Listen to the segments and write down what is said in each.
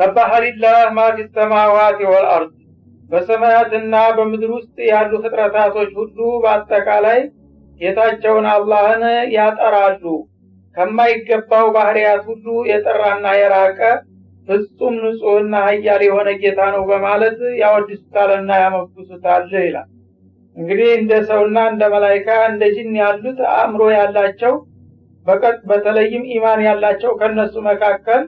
ሰባሐ ሊላህ ማ ፊ ሰማዋት ወልአርድ በሰማያትና በምድር ውስጥ ያሉ ፍጥረታቶች ሁሉ በአጠቃላይ ጌታቸውን አላህን ያጠራሉ። ከማይገባው ባህርያት ሁሉ የጠራና የራቀ ፍጹም ንጹህና ኃያል የሆነ ጌታ ነው በማለት ያወድሱታልና ያመብሱታል ይላል። እንግዲህ እንደ ሰውና እንደ መላይካ እንደ ጅን ያሉት አእምሮ ያላቸው በቀጥ በተለይም ኢማን ያላቸው ከነሱ መካከል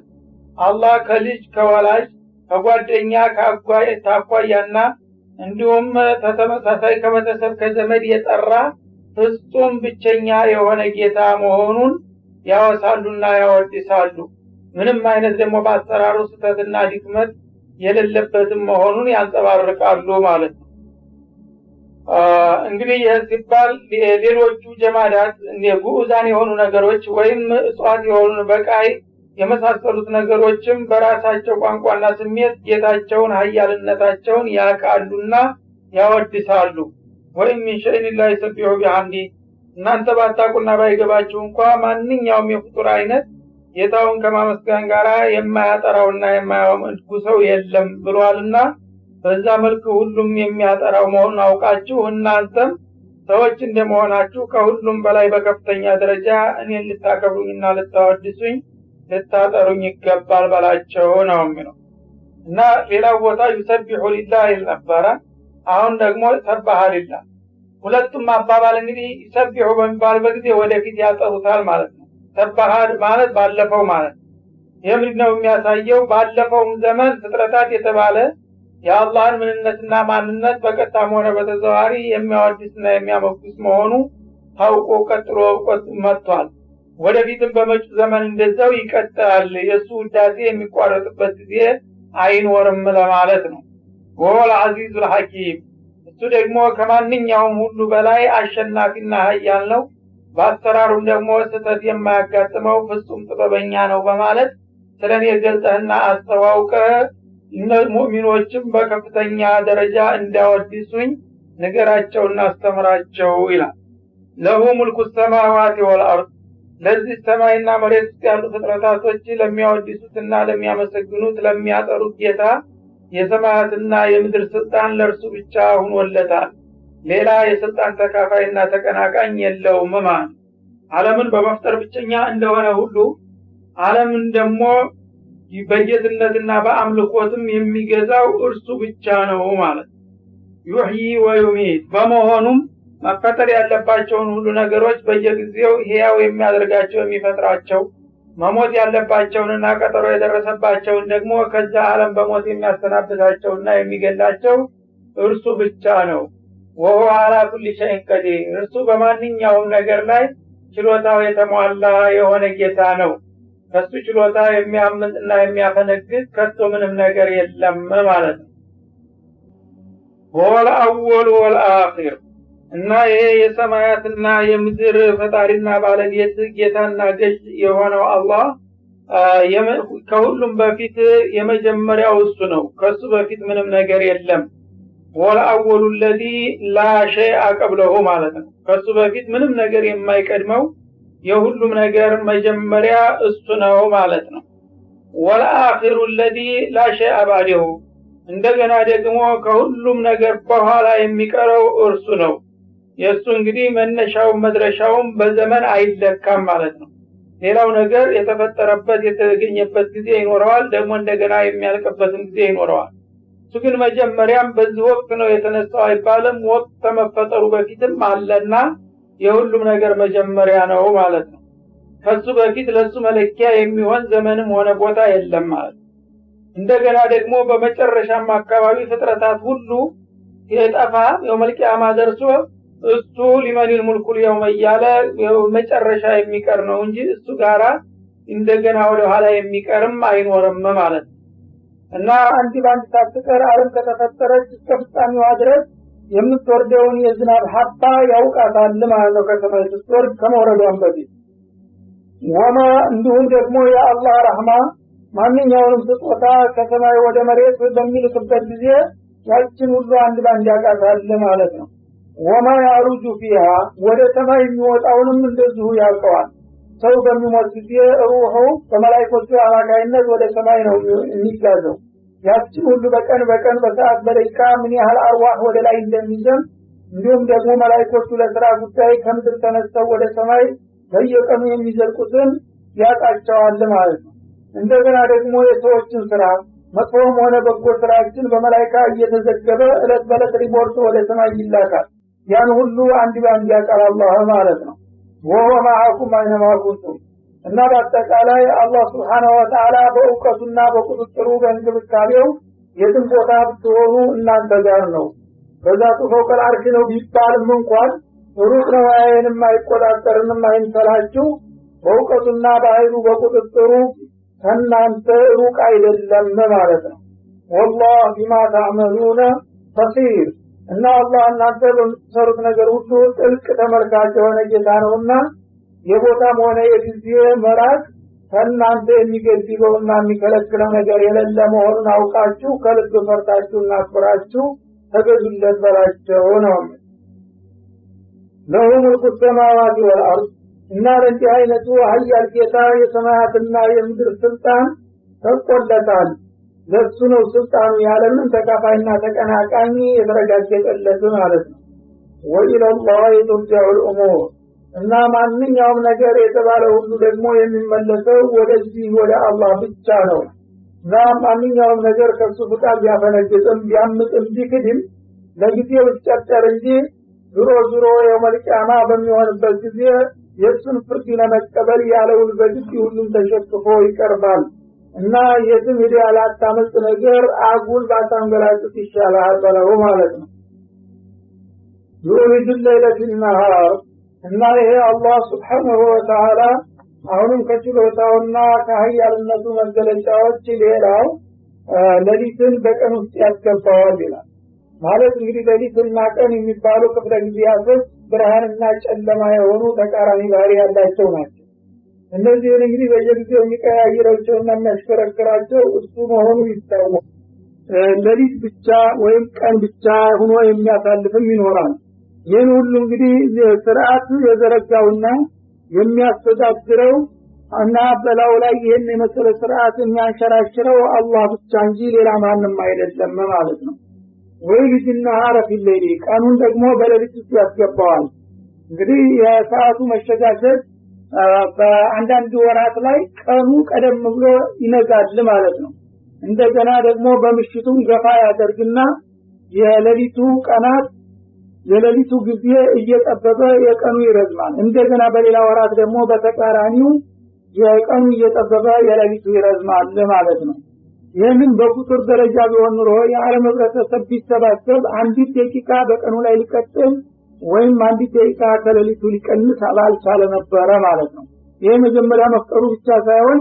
አላህ ከልጅ ከወላጅ ከጓደኛ ከአኳያና እንዲሁም ተተመሳሳይ ከቤተሰብ ከዘመድ የጠራ ፍጹም ብቸኛ የሆነ ጌታ መሆኑን ያወሳሉና ያወድሳሉ። ምንም አይነት ደግሞ በአሰራሩ ስህተትና ድክመት የሌለበትም መሆኑን ያንጸባርቃሉ ማለት ነው። እንግዲህ ይህ ሲባል ሌሎቹ ጀማዳት ጉዑዛን የሆኑ ነገሮች ወይም እጽዋት የሆኑ በቃይ የመሳሰሉት ነገሮችም በራሳቸው ቋንቋና ስሜት ጌታቸውን ሀያልነታቸውን ያቃሉና ያወድሳሉ። ወይም ሚን ሸይን ላ ይሰቢሑ ቢሐምዲ እናንተ ባታቁና ባይገባችሁ እንኳ ማንኛውም የፍጡር አይነት ጌታውን ከማመስገን ጋር የማያጠራውና የማያመድጉ ሰው የለም ብሏልና በዛ መልክ ሁሉም የሚያጠራው መሆኑን አውቃችሁ እናንተም ሰዎች እንደመሆናችሁ ከሁሉም በላይ በከፍተኛ ደረጃ እኔን ልታከብሩኝና ልታወድሱኝ ልታጠሩኝ ይገባል በላቸው ነው የሚለው እና ሌላው ቦታ ዩሰቢሑ ሊላህ ይል ነበረ። አሁን ደግሞ ሰባሃ ሊላ ሁለቱም አባባል እንግዲህ ይሰቢሑ በሚባልበት በጊዜ ወደፊት ያጠሩታል ማለት ነው። ሰባሃ ማለት ባለፈው ማለት ይህ ምንድን ነው የሚያሳየው? ባለፈውም ዘመን ፍጥረታት የተባለ የአላህን ምንነትና ማንነት በቀጣም ሆነ በተዘዋሪ የሚያወድስና የሚያመጉስ መሆኑ ታውቆ ቀጥሎ መጥቷል። ወደፊትም በመጪ ዘመን እንደዛው ይቀጥላል። የእሱ ውዳሴ የሚቋረጥበት ጊዜ አይኖርም ለማለት ነው። ወሆል አዚዙል ሐኪም እሱ ደግሞ ከማንኛውም ሁሉ በላይ አሸናፊና ሀያል ነው። በአሰራሩም ደግሞ ስህተት የማያጋጥመው ፍጹም ጥበበኛ ነው በማለት ስለ እኔ ገልጸህና አስተዋውቀህ እነ ሙእሚኖችም በከፍተኛ ደረጃ እንዳወድሱኝ ንገራቸውና አስተምራቸው ይላል። ለሁ ሙልኩ ሰማዋት ወልአርድ ለዚህ ሰማይና መሬት ውስጥ ያሉ ፍጥረታቶች ለሚያወድሱትና ለሚያመሰግኑት ለሚያጠሩት ጌታ የሰማያትና የምድር ስልጣን ለእርሱ ብቻ ሁኖለታል። ሌላ የስልጣን ተካፋይና ተቀናቃኝ የለውም። ማን አለምን በመፍጠር ብቸኛ እንደሆነ ሁሉ አለምን ደግሞ በጌትነትና በአምልኮትም የሚገዛው እርሱ ብቻ ነው ማለት ዩሕይ ወዩሚት በመሆኑም መፈጠር ያለባቸውን ሁሉ ነገሮች በየጊዜው ሄያው የሚያደርጋቸው የሚፈጥራቸው መሞት ያለባቸውንና ቀጠሮ የደረሰባቸውን ደግሞ ከዛ ዓለም በሞት እና የሚገላቸው እርሱ ብቻ ነው። ወሆ አላ ኩል ሸይን ቀዲር፣ እርሱ በማንኛውም ነገር ላይ ችሎታው የተሟላ የሆነ ጌታ ነው። ከሱ ችሎታ እና የሚያፈነግጥ ከቶ ምንም ነገር የለም ማለት ነው። ወል አወሉ ወል እና ይሄ የሰማያትና የምድር ፈጣሪና ባለቤት ጌታና ገዥ የሆነው አላህ ከሁሉም በፊት የመጀመሪያው እሱ ነው። ከሱ በፊት ምንም ነገር የለም። ወለአወሉ ለዚ ላሸይ አቀብለሁ ማለት ነው። ከሱ በፊት ምንም ነገር የማይቀድመው የሁሉም ነገር መጀመሪያ እሱ ነው ማለት ነው። ወለአኺሩ ለዚ ላሸይ አባዴሁ እንደገና ደግሞ ከሁሉም ነገር በኋላ የሚቀረው እርሱ ነው። የእሱ እንግዲህ መነሻውን መድረሻውን በዘመን አይለካም ማለት ነው። ሌላው ነገር የተፈጠረበት የተገኘበት ጊዜ ይኖረዋል፣ ደግሞ እንደገና የሚያልቅበትም ጊዜ ይኖረዋል። እሱ ግን መጀመሪያም በዚህ ወቅት ነው የተነሳው አይባልም። ወቅት ከመፈጠሩ በፊትም አለና የሁሉም ነገር መጀመሪያ ነው ማለት ነው። ከሱ በፊት ለሱ መለኪያ የሚሆን ዘመንም ሆነ ቦታ የለም ማለት ነው። እንደገና ደግሞ በመጨረሻም አካባቢ ፍጥረታት ሁሉ የጠፋ የመልቂያማ ደርሶ እሱ ሊመኒል ሙልኩል የውመ እያለ መጨረሻ የሚቀር ነው እንጂ እሱ ጋራ እንደገና ወደ ኋላ የሚቀርም አይኖርም ማለት ነው እና አንድ በአንድ ሳትቀር አለም ከተፈጠረች እስከ ፍጻሜዋ ድረስ የምትወርደውን የዝናብ ሀባ ያውቃታል ማለት ነው ከሰማይ ስትወርድ ከመውረዷን በፊት ወማ እንዲሁም ደግሞ የአላህ ረህማ ማንኛውንም ስጦታ ከሰማይ ወደ መሬት በሚልክበት ጊዜ ያችን ሁሉ አንድ ባንድ ያውቃታል ማለት ነው ወማ ያሩጁ ፊሃ ወደ ሰማይ የሚወጣውንም እንደዚሁ ያውቀዋል። ሰው በሚሞት ጊዜ ሩሑ በመላይኮቹ አማካይነት ወደ ሰማይ ነው የሚጋዘው። ያችን ሁሉ በቀን በቀን በሰዓት በደቂቃ ምን ያህል አርዋህ ወደ ላይ እንደሚዘም እንዲሁም ደግሞ መላይኮቹ ለስራ ጉዳይ ከምድር ተነስተው ወደ ሰማይ በየቀኑ የሚዘልቁትን ያጣቸዋል ማለት ነው። እንደገና ደግሞ የሰዎችን ስራ መጥፎም ሆነ በጎ ስራችን በመላይካ እየተዘገበ እለት በእለት ሪፖርት ወደ ሰማይ ይላካል። ያን ሁሉ አንድ ባንድ ያቀራላህ ማለት ነው ወሆ ማአኩም አይነማ ኩንቱም እና በአጠቃላይ አላህ ስብሓናሁ ወተዓላ በእውቀቱና በቁጥጥሩ በእንግብካቤው የትም ቦታ ብትሆኑ እናንተ ጋር ነው በዛ ፈውቀል አርሽ ነው ቢባልም እንኳን ሩቅ ነው አይንም አይቆጣጠርንም አይንሰላችሁ በእውቀቱና በአይሉ በቁጥጥሩ ከእናንተ ሩቅ አይደለም ማለት ነው ወላህ ቢማ ተዕመሉነ በሲር እና አላህ እናንተ በምትሰሩት ነገር ሁሉ ጥልቅ ተመልካች የሆነ ጌታ ነውና የቦታም ሆነ የጊዜ መራቅ ከእናንተ የሚገድበውና የሚከለክለው ነገር የሌለ መሆኑን አውቃችሁ ከልብ ፈርታችሁና አክብራችሁ ተገዙለት በላቸው ነው ለሁ ሙልኩ ሰማዋት ወልአርድ እና ለእንዲህ አይነቱ ሀያል ጌታ የሰማያትና የምድር ስልጣን ተቆለታል ለሱ ነው ስልጣኑ ያለምን ተካፋይና ተቀናቃኝ የተረጋገጠለት ማለት ነው። ወኢለላህ ቱርጃኡል ኡሙር እና ማንኛውም ነገር የተባለ ሁሉ ደግሞ የሚመለሰው ወደዚህ ወደ አላህ ብቻ ነው እና ማንኛውም ነገር ከሱ ፍቃድ ቢያፈነግጥም ቢያምጥም ቢክድም ለጊዜው ይጨጠር እንጂ ዙሮ ዙሮ የመልቅያማ በሚሆንበት ጊዜ የእሱን ፍርድ ለመቀበል ያለውን በግድ ሁሉም ተሸክፎ ይቀርባል። እና የትም ሂድ ያላታመልጥ ነገር አጉል ባታንገላጭት ይሻላል በለው ማለት ነው ዩሪድ ሌይለት ነሃር እና ይሄ አላህ ስብሓንሁ ወተላ አሁንም ከችሎታውና ከሀያልነቱ መገለጫዎች ሌላው ሌሊትን በቀን ውስጥ ያስገባዋል ይላል ማለት እንግዲህ ሌሊትና ቀን የሚባሉ ክፍለ ጊዜያቶች ብርሃንና ጨለማ የሆኑ ተቃራኒ ባህሪ ያላቸው ናቸው እነዚህን እንግዲህ በየጊዜው እና የሚያሽከረክራቸው እሱ መሆኑ ይታወቅ ሌሊት ብቻ ወይም ቀን ብቻ ሆኖ የሚያሳልፍም ይኖራል ይህን ሁሉ እንግዲህ ስርዓት የዘረጋውና የሚያስተዳድረው እና በላው ላይ ይህን የመሰለ ስርዓት የሚያንሸራሽረው አላህ ብቻ እንጂ ሌላ ማንም አይደለም ማለት ነው ወይ ልጅና አረፍ ይለይ ቀኑን ደግሞ በሌሊት ውስጥ ያስገባዋል እንግዲህ የሰዓቱ መሸጋሸት በአንዳንድ ወራት ላይ ቀኑ ቀደም ብሎ ይነጋል ማለት ነው እንደገና ደግሞ በምሽቱም ገፋ ያደርግና የሌሊቱ ቀናት የሌሊቱ ጊዜ እየጠበበ የቀኑ ይረዝማል እንደገና በሌላ ወራት ደግሞ በተቃራኒው የቀኑ እየጠበበ የሌሊቱ ይረዝማል ማለት ነው ይህንን በቁጥር ደረጃ ቢሆን ኑሮ የአለም ህብረተሰብ ቢሰባሰብ አንዲት ደቂቃ በቀኑ ላይ ሊቀጥል ወይም አንዲት ደቂቃ ከሌሊቱ ሊቀንስ አላልቻለ ነበረ ማለት ነው። ይህ መጀመሪያ መፍጠሩ ብቻ ሳይሆን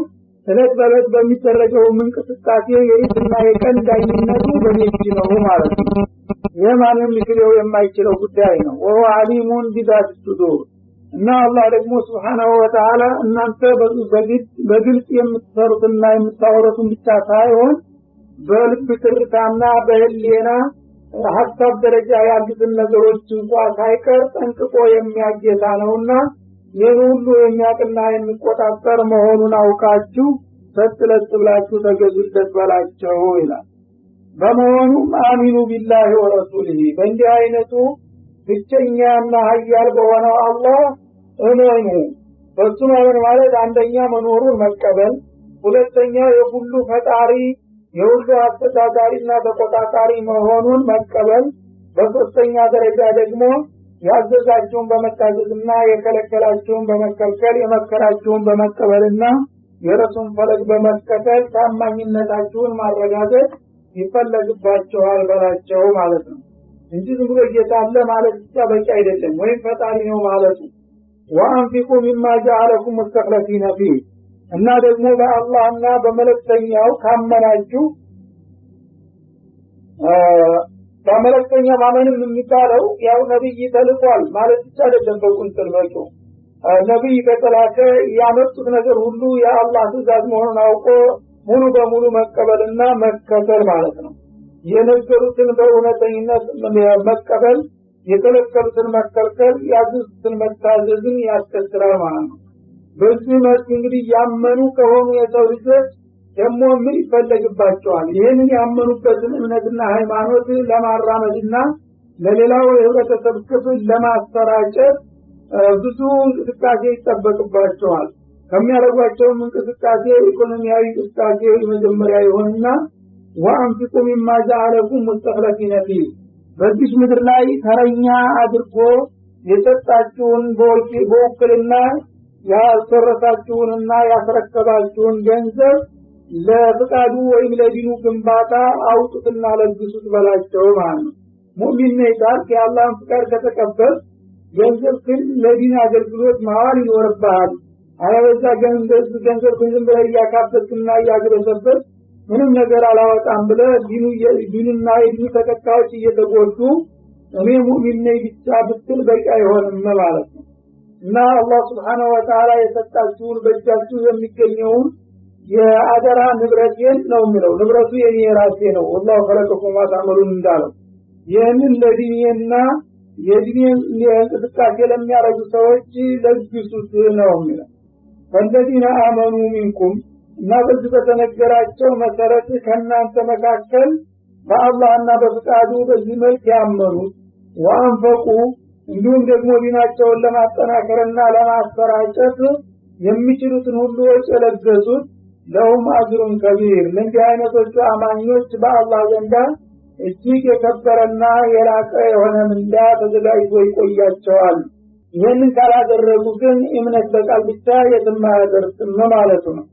እለት በእለት በሚደረገው እንቅስቃሴ የኢትና የቀን ዳኝነቱ በሚጅ ነው ማለት ነው። ይህ ማንም ሊክሌው የማይችለው ጉዳይ ነው። ወሆ አሊሙን ቢዛት ሱዱር እና አላህ ደግሞ ስብሓናሁ ወተላ እናንተ በግልጽ የምትሰሩትና የምታወረቱን ብቻ ሳይሆን በልብ ትርታና በህሌና ሀሳብ ደረጃ ያሉትን ነገሮች እንኳ ሳይቀር ጠንቅቆ የሚያጌታ ነውና ይህን ሁሉ የሚያቅና የሚቆጣጠር መሆኑን አውቃችሁ ሰጥ ለጥ ብላችሁ ተገዙለት በላቸው ይላል። በመሆኑም አሚኑ ቢላህ ወረሱልህ በእንዲህ አይነቱ ብቸኛና ሀያል በሆነው አላህ እመኑ። በሱ መሆን ማለት አንደኛ መኖሩን መቀበል፣ ሁለተኛ የሁሉ ፈጣሪ የሁሉ አስተዳዳሪና ተቆጣጣሪ መሆኑን መቀበል፣ በሶስተኛ ደረጃ ደግሞ ያዘዛችሁን በመታዘዝና የከለከላችሁን በመከልከል የመከራችሁን በመቀበልና የረሱን ፈለግ በመከተል ታማኝነታችሁን ማረጋገጥ ይፈለግባቸዋል በላቸው ማለት ነው እንጂ ዝም ብሎ እየታለ አለ ማለት ብቻ በቂ አይደለም፣ ወይም ፈጣሪ ነው ማለቱ። ወአንፊቁ ሚማ ጀዐለኩም ፊህ እና ደግሞ በአላህና በመለክተኛው ካመናችሁ በመለክተኛ ማመንም የሚባለው ያው ነቢይ ተልቋል ማለት ብቻ አይደለም። በቁንጥል በቂ ነቢይ በተላከ ያመጡት ነገር ሁሉ የአላህ ትእዛዝ መሆኑን አውቆ ሙሉ በሙሉ መቀበልና መከተል ማለት ነው። የነገሩትን በእውነተኝነት መቀበል፣ የከለከሉትን መከልከል፣ ያዙትን መታዘዝን ያስከትላል ማለት ነው። በዚህ መልክ እንግዲህ ያመኑ ከሆኑ የሰው ልጆች ደግሞ ምን ይፈለግባቸዋል? ይህንን ያመኑበትን እምነትና ሃይማኖት ለማራመድና ለሌላው የህብረተሰብ ክፍል ለማሰራጨት ብዙ እንቅስቃሴ ይጠበቅባቸዋል። ከሚያደርጓቸውም እንቅስቃሴ ኢኮኖሚያዊ እንቅስቃሴ የመጀመሪያ ይሆንና ወአንፊቁ ሚማ ጀዐለኩም ሙስተኽለፊነ ፊህ በዚህ ምድር ላይ ተረኛ አድርጎ የሰጣችሁን በውክልና ያልተረፋችሁንና ያስረከባችሁን ገንዘብ ለፍቃዱ ወይም ለዲኑ ግንባታ አውጡትና ለግሱት በላቸው ማለት ነው። ሙሚን ነህ ካልክ የአላህን ፍቃድ ከተቀበል ገንዘብ ግን ለዲን አገልግሎት መዋል ይኖርብሃል። አለበዛ ገንዘብ ገንዘብ ግን ዝም ብለህ እያካበትና እያግበሰበት ምንም ነገር አላወጣም ብለህ ዲኑና የዲኑ ተከታዮች እየተጎዱ እኔ ሙሚን ነኝ ብቻ ብትል በቂ አይሆንም ማለት ነው። እና አላህ ስብሓነ ወተዓላ የሰጣችሁን በእጃችሁ የሚገኘውን የአደራ ንብረቴን ነው የሚለው ንብረቱ የኔ የራሴ ነው ወላሁ ከለቀኩም ማታመሉን እንዳለው ይህንን ለዲኔና የዲኔን እንቅስቃሴ ለሚያረጉ ሰዎች ለግሱት ነው የሚለው ፈለዚነ አመኑ ሚንኩም እና በዚህ በተነገራቸው መሰረት ከእናንተ መካከል በአላህና በፍቃዱ በዚህ መልክ ያመኑት ወአንፈቁ እንዲሁም ደግሞ ዲናቸውን ለማጠናከርና ለማስፈራጨት የሚችሉትን ሁሉ ወጭ የለገሱት ለሁም አጅሩን ከቢር ለእንዲህ አይነቶቹ አማኞች በአላህ ዘንዳ እጅግ የከበረና የላቀ የሆነ ምንዳ ተዘጋጅቶ ይቆያቸዋል። ይህንን ካላደረጉ ግን እምነት በቃል ብቻ የትማያደርስም ማለቱ ነው።